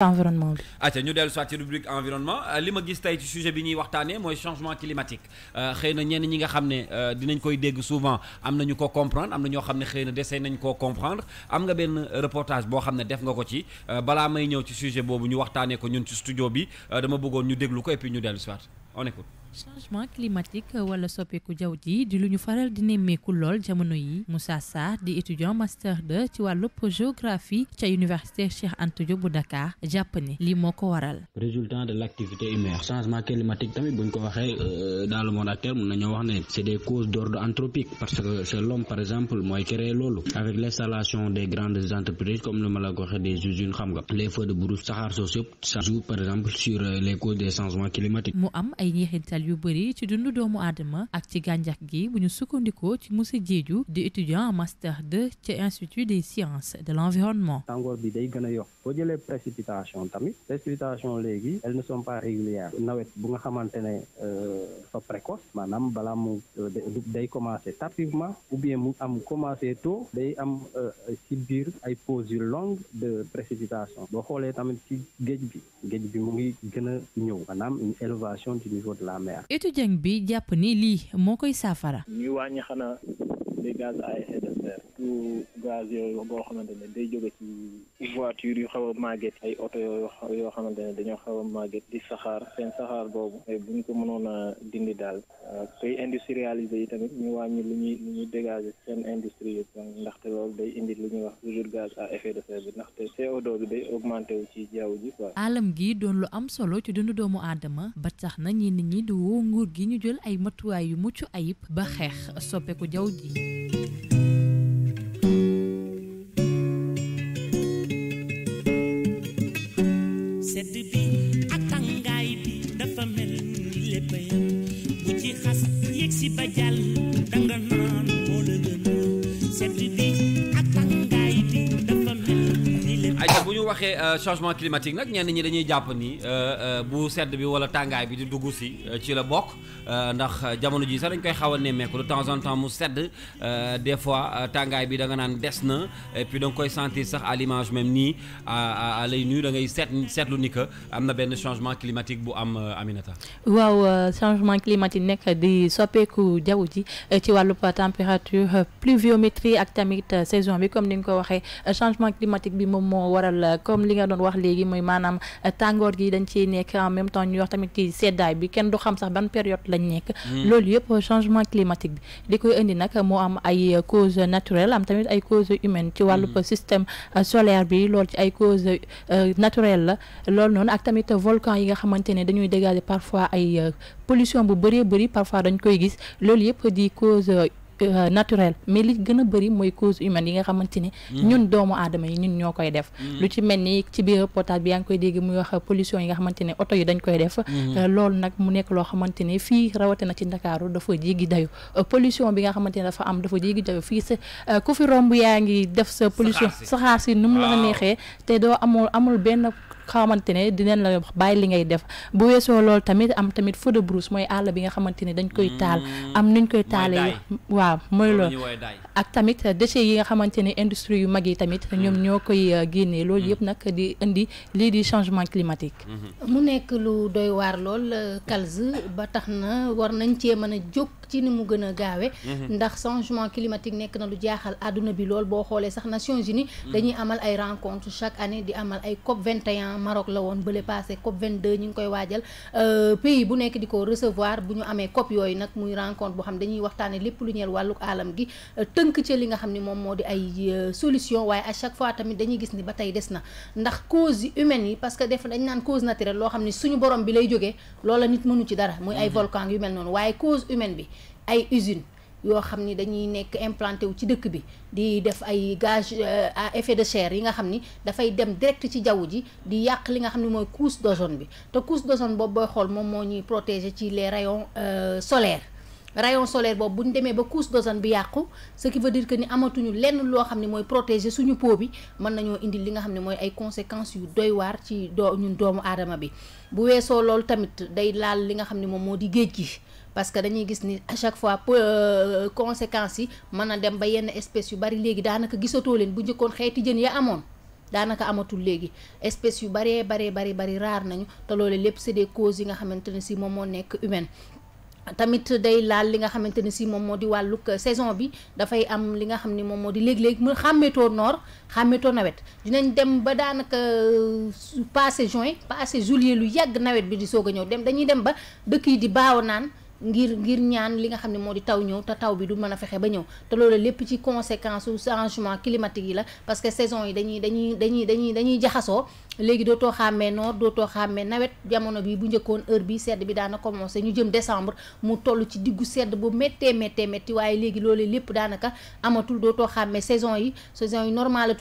environnement bi. ati ah, ñu dellu soit ci rubrique environnement euh, li ma gis tay ci sujet bi ñuy waxtaanee moy changement climatique euh, xëy na ñenn ñi nga xam ne euh, dinañ koy dégg souvent am na ñu ko comprendre am na ñoo xeyna ne nañ koo comprendre am nga ben reportage bo xam def nga ko ci bala may ñew ci sujet bobu ñu waxtaanee ko ñun ci studio bi dama bëggoon ñu déglu ko et puis ñu dellu soit on écoute changement climatique wala soppeeku jawji di luñu faral di lol jamono yi Moussa Sarr di étudiant master 2 ci walu géographie à université Cheikh Anta Diop bu Dakar jàpp ne waral. résultat de l'activité humaine changement climatique tamit buñ ko euh, dans le monde actuel mun wax des causes d'ordre anthropique parce que c'est l'homme par exemple moy créer avec l'installation des grandes entreprises comme le mala des usines xam nga les feux de brousse Sahara soosu ça joue par exemple sur euh, les causes des changements climatiques. mu am ay jeexital yu bëri ci dund doomu adama ak ci gàncax gi bu ñu sukkandikoo ci Moussa Diédiou di étudiant master 2 ci institut des sciences de l'environnement. tàngoor bi day gën a yokk boo jëlee précipitation tamit précipitation léegi elles ne sont pas régulières nawet bu nga xamante ne euh, fa précoce maanaam balaa mu euh, day commencer tardivement ou bien mu am commencer tôt day am euh, ci biir ay pause yu longues de précipitation boo xoolee tamit ci géej bi géej bi mu ngi gën a ñëw maanaam une élévation du niveau de la mer mer étudiant bi jàpp ni lii moo koy saafara ñuy wàññi xanaa les gaz à alimentaire tout gaz yooyu boo xamante ne day jóge ci voiture yu xaw a màgget ay oto yoo xamante ne dañoo xaw a màgget di saxaar seen saxaar boobu eh, buñ ko mënoon dindi daal euh, koy industrialiser yi tamit ñu wàññi lu ñuy lu ñuy seen industrie yi ndaxte loolu day indi lu ñuy wax toujours gaz à effet de serre bi ndaxte CO2 bi day augmenté ci jaww ji quoi alam gi doon lu am solo ci dundu doomu aadama ba tax na nit ñi di woo nguur gi ñu jël ay matuwaay yu mucc ayib ba xeex soppeeku jaww ji Euh, changement climatique nag ñenn ñi dañuy ni euh, euh, bu sedd bi wala tàngaay bi di dugg si ci la de temps en temps mu des fois et puis à même à lay nuyu da ngay set seetlu que changement climatique bu am Aminata. waaw changement climatique di ci température pluviométrie ak saison comme changement climatique bi moom comme li nga doon wax léegi moy manam euh, tangor gi dañ ci nek en même temps ñu wax tamit ci seddaay bi kenn du xam sax ban période lañ nek hmm. loolu yëpp euh, changement climatique bi di koy indi nag moo am ay euh, cause naturelle am tamit ay cause humaine ci walu hmm. système solaire bi loolu ci ay cause naturelle la loolu non ak tamit volcan yi nga xamantene dañuy dégager parfois ay pollution bu bëree bëri parfois dañ koy gis loolu yëpp di cause Euh, naturel mais li gën a bëri mooy cause humaine yi nga xamante ni mm. ñun doomu aadama yi ñun ñoo koy def mm. lu ci mel ni ci biir reportage bi yaa ngi koy dégg muy wax pollution yi nga xamante ne yi dañ koy def mm-hmm. euh, loolu nag mu nekk loo xamante ni fii rawatina ci Ndakaaru dafa jéggi dayu euh, pollution bi nga xamante ne dafa am dafa jéggi dayu fii sa ku fi romb yaa ngi def sa pollution saxaar si nu mu la neexee te doo amul amul benn xamante ne dinañ la wax bàyyi li ngay def bu wesso lol tamit am tamit feu de brousse moy ala bi nga xamantene dañ koy taal mm, am nuñ koy taalee waaw moy loolu ak tamit déchets yi nga xamantene industrie yu mag tamit mm. ñom ñokoy koy euh, génnee mm. yépp nak di indi li di changement climatique mm-hmm. mu nekk lu doy war lol euh, calze ba taxna war nañ ci mëna jokk ci ni mu gëna mm-hmm. ndax changement climatique nekk na lu jaaxal aduna bi lol bo xolé sax Nations Unies mm-hmm. dañuy amal ay rencontres chaque année di amal ay COP 21 temps la woon bële passé COP 22 ñu ngi koy waajal euh, pays bu nekk di ko recevoir bu ñu amee COP yooyu nag muy rencontre boo xam ne dañuy waxtaane lépp lu ñeel wàllu alam gi euh, tënk ci li nga xam ni moom moo di ay euh, solution waaye à chaque fois tamit dañuy gis ni ba tey des na ndax cause humaine yi parce que def dañ naan cause naturelle loo xam ne suñu borom bi lay jógee loola nit mënu ci dara muy ay mm-hmm. volcan yu mel noonu waaye cause humaine bi ay usine yoo xam ni dañuy nekk implanté wu ci dëkk bi di def ay gaz euh, à effet de serre yi nga xam ni dafay dem direct ci jaww ji di yàq li nga xam ni mooy couche d'ozone bi te couche d'ozone boobu booy xool moo ñuy protéger ci les rayons euh, solaires rayon solaire boobu bu ñu demee ba couche d'ozone bi yàqu ce qui veut que ni amatuñu lenn loo xam ne mooy protéger suñu peau bi mën nañoo indi li nga xam ne mooy ay conséquences yu doy waar ci doo ñun doomu aadama bi bu weesoo loolu tamit day laal li nga xam ne moom moo di géej gi. parce que dañuy gis ni à chaque fois euh, conséquences yi mën na dem ba yenn espèce yu bari léegi daanaka gisatoo leen bu njëkkoon xeeti jën ya amoon daanaka amatul léegi espèce yu baree baree bari bari raar nañu te loolu lépp c'est des causes yi nga xamante ne si moom moo nekk humaine tamit day laal li nga xamante ne si moom moo di wàllug saison bi dafay am li nga xam ni moom moo di léeg-léeg mu xàmmetoo noor xàmmetoo nawet dinañ dem ba daanaka euh, passé juin passé juillet lu yàgg nawet bi di soog a ñëw dem dañuy dem ba dëkk yi di baaw naan ngir ngir ñaan li nga taw taw bi du a ba te loolu ci climatique la parce que saison yi dañuy dañuy dañuy dañuy nawet jamono bi bu heure bi sédd bi commencé ñu jëm décembre mu tollu ci diggu sédd bu loolu lépp daanaka amatul xamé saison yi saison yi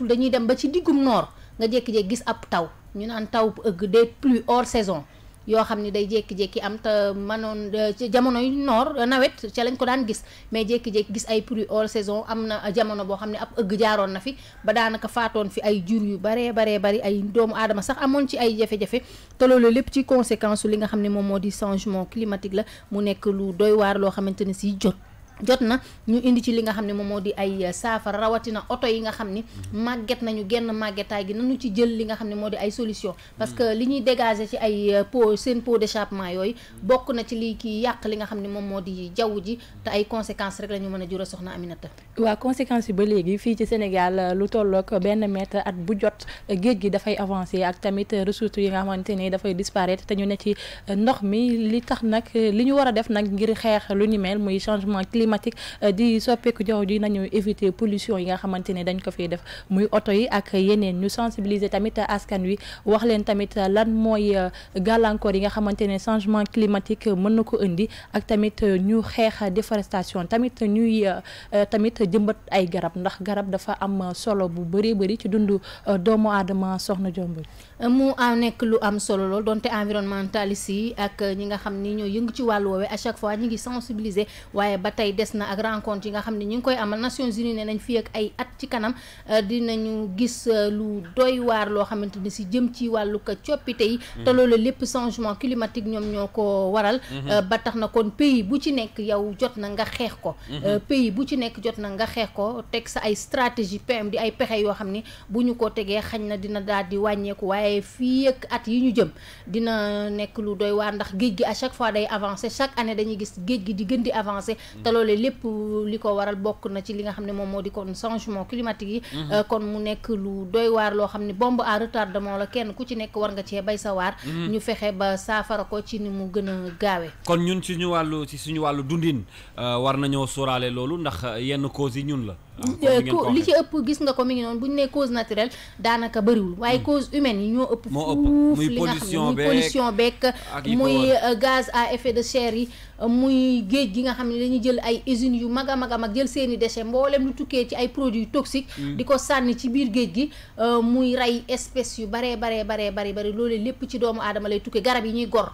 dañuy dem ba ci nga gis ab taw ñu taw ëgg des hors saison yoo xam ni day jékki-jékki am te manoon euh, jamono yu noor euh, nawet ca lañ ko daan gis mais jékki-jékki gis ay pluie hors saison am na euh, jamono boo xam ne ab ëgg jaaroon na fi ba daanaka faatoon fi ay jur yu baree baree bari ay doomu aadama sax amoon ci ay jafe-jafe te loolu lépp ci conséquence li nga xam ne moom moo di changement climatique la mu nekk lu doy waar loo xamante ne si jot jot na ñu indi ci li nga xam ne moom moo di ay saafara rawatina oto yi nga xam ni mhm. màgget nañu genn màggetaay gi nañu ci jël li nga xam ne moo di ay solution parce que mhm. li ñuy dégager ci ay euh, po seen pot d'échappement yooyu bokk na ci lii kii yàq li nga xam ne moom moo di jaww ji te ay conséquences rek la ñu mën a jura soxna Aminata waaw conséquences yi ba léegi fii ci Sénégal euh, lu tollook benn mètre at bu jot euh, géej gi dafay avancer ak tamit ressources yi nga xamante ne dafay disparaître te ñu ne ci ndox mi li tax nag li ñu war a def nag ngir xeex lu ni mel changement climatique euh, di soppeku jaww ji nañu éviter pollution yi nga xamantene dañ ko fiy def muy auto yi ak yeneen ñu sensibiliser tamit askan wi wax leen tamit lan moy euh, galancor yi nga xamantene changement climatique mën ko indi ak tamit ñu xex déforestation tamit ñuy euh, tamit jëmbat ay garab ndax garab dafa am solo bu bëree bëri ci dundu doomu adama soxna jomb mu nekk lu am solo lol donte environnemental yi ak ñi nga xamni ni ñoo ci walu wowe à chaque fois ñi ngi sensibiliser waye ba de des na ak rencontre yi nga xam ne ñu ngi koy amal Nations Unies ne nañ fi ay at ci kanam euh, dina ñu gis euh, lu doy waar loo xamante ni si jëm ci wàllu ko coppite yi mm-hmm. te loolu lépp changement climatique ñoom ñoo ko waral mm-hmm. euh, ba tax na kon pays bu ci nekk yow jot na nga xeex ko mm-hmm. pays bu ci nekk jot na nga xeex ko teg sa ay stratégie PM di ay pexe yoo xam ni bu ñu ko tegee xañ na dina daal di wàññeeku waaye fii ak at yi ñu jëm dina nekk lu doy waar ndax géej gi à chaque fois day avancer chaque année dañuy gis géej gi di gën di loole lépp li ko waral bokk na ci li nga xam ne moom moo di kon changement climatique yi mhm. euh, kon mu nekk lu doy waar loo xam ne bombe à retardement la kenn ku ci nekk war nga cee bay sa waar mhm. ñu fexe ba saafara ko ci ni mu gën a gaawee kon ñun ci ñu wàllu ci suñu wàllu dundin euh, war nañoo sóoraale loolu ndax yenn cose yi ñun la Ah, euh, li ci ëpp gis nga ko mi ngi noonu bu ñu nee cause naturelle daanaka bëriwul waaye hmm. cause humaine yi ñoo ëpp fuuf li nga xam ne muy pollution beek muy euh, gaz à effet de serre yi euh, muy géej gi nga xam ne dañuy jël ay usines yu mag a mag a mag jël seeni déchets mboolem lu tukkee ci ay produits toxiques hmm. di ko sànni ci biir géej gi muy rey espèces yu baree baree baree bari bari loolu lépp ci doomu aadama lay tukkee garab yi ñuy gor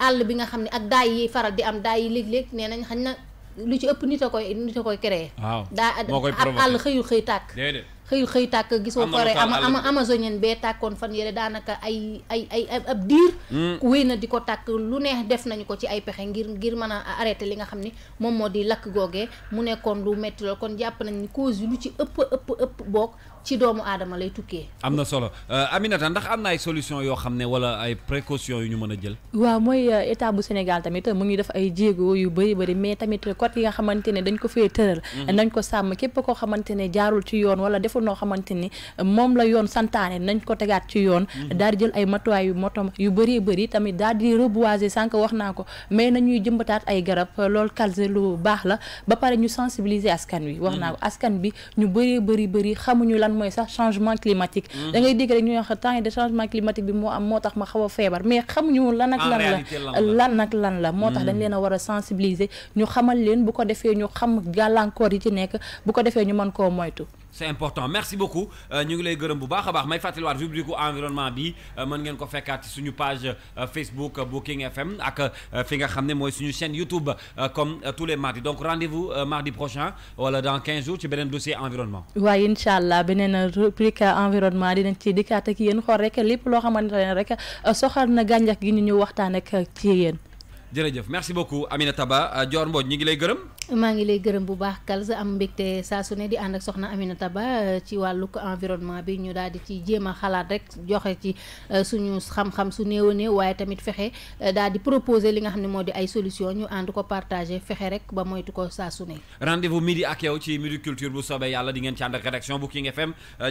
àll bi nga xam ne ak daay yi faral di am daay yi léeg-léeg nee nañ xañ na lu ci ëpp nit a koy nit a koy créé. waaw daa ab àll xëy tàkk. xëyul xëy tàkk gisoo forêt ama ama amazonienne bee tàkkoon fan yële daanaka ay ay ab diir hmm. wéy na di ko tàkk lu neex def nañu ko ci ay pexe ngir ngir mën a arrêté li nga xam ni moom moo di lakk googee mu nekkoon lu metti kon jàpp nañ ni cause yi lu ci ëpp ëpp ëpp boog ci doomu aadama lay tukkee am na solo euh, Aminata ndax am na ay solution yoo xam ne wala ay yu ñu mën a jël euh, bu Sénégal tamit mu ngi def ay jéego yu bëri bëri mais tamit code yi nga xamante ne dañ ko fee tëral hmm. nañ ko sàmm képp koo xamante ne jaarul ci yoon wala deful noo xamante ni moom la yoon santaane nañ ko tegaat ci yoon mhm. daal jël ay matuwaay yu motom yu bëree bëri tamit daal di reboiser sànq wax naa ko mais nañuy jëmbataat ay garab loolu calse lu baax la ba pare ñu sensibiliser askan wi wax naa ko mhm. askan bi ñu bëree bëri bëri xamuñu lan mooy sax changement climatique mhm. da ngay dégg wax temps de changement climatique bi moo am moo tax ma xaw a feebar mais xamuñu lan ak lan la lan ak lan la moo tax dañ leen a war a sensibiliser ñu xamal leen bu ko defee ñu xam gàllankoor yi ci nekk bu ko defee ñu mën koo moytu c'est important merci beaucoup euh, ñu ngi lay gërëm bu baax baax may fàttaliwaat rubrique environnement bi euh, mën ngeen ko fekkaat suñu page euh, Facebook Booking FM ak fi nga xam ne mooy suñu chaîne YouTube comme tous les mardis donc rendez-vous mardi prochain wala dans 15 jours ci beneen dossier environnement. waaye incha allah beneen rubrique environnement dinañ ci dikkaat ak yéen xool rek lépp loo xamante ne rek soxal na gàncax gi ñu ñu waxtaan ak ci yéen. jërëjëf merci beaucoup Aminata Ba euh, Dior Mbodj ñu ngi lay gërëm. maa ngi lay gërëm bu baax Kalza am mbégte saa su di ànd ak soxna Aminata Ba euh, ci wàllu environnement bi ñu daal di ci jéem a xalaat rek joxe ci euh, suñu xam-xam su néew a waaye tamit fexe daal di proposer li nga xam ne moo di ay solution ñu ànd ko partager fexe rek ba moytu ko saa su ne. rendez-vous ak yow ci midi culture bu soobee yàlla di ngeen ci ànd ak rédaction bu FM.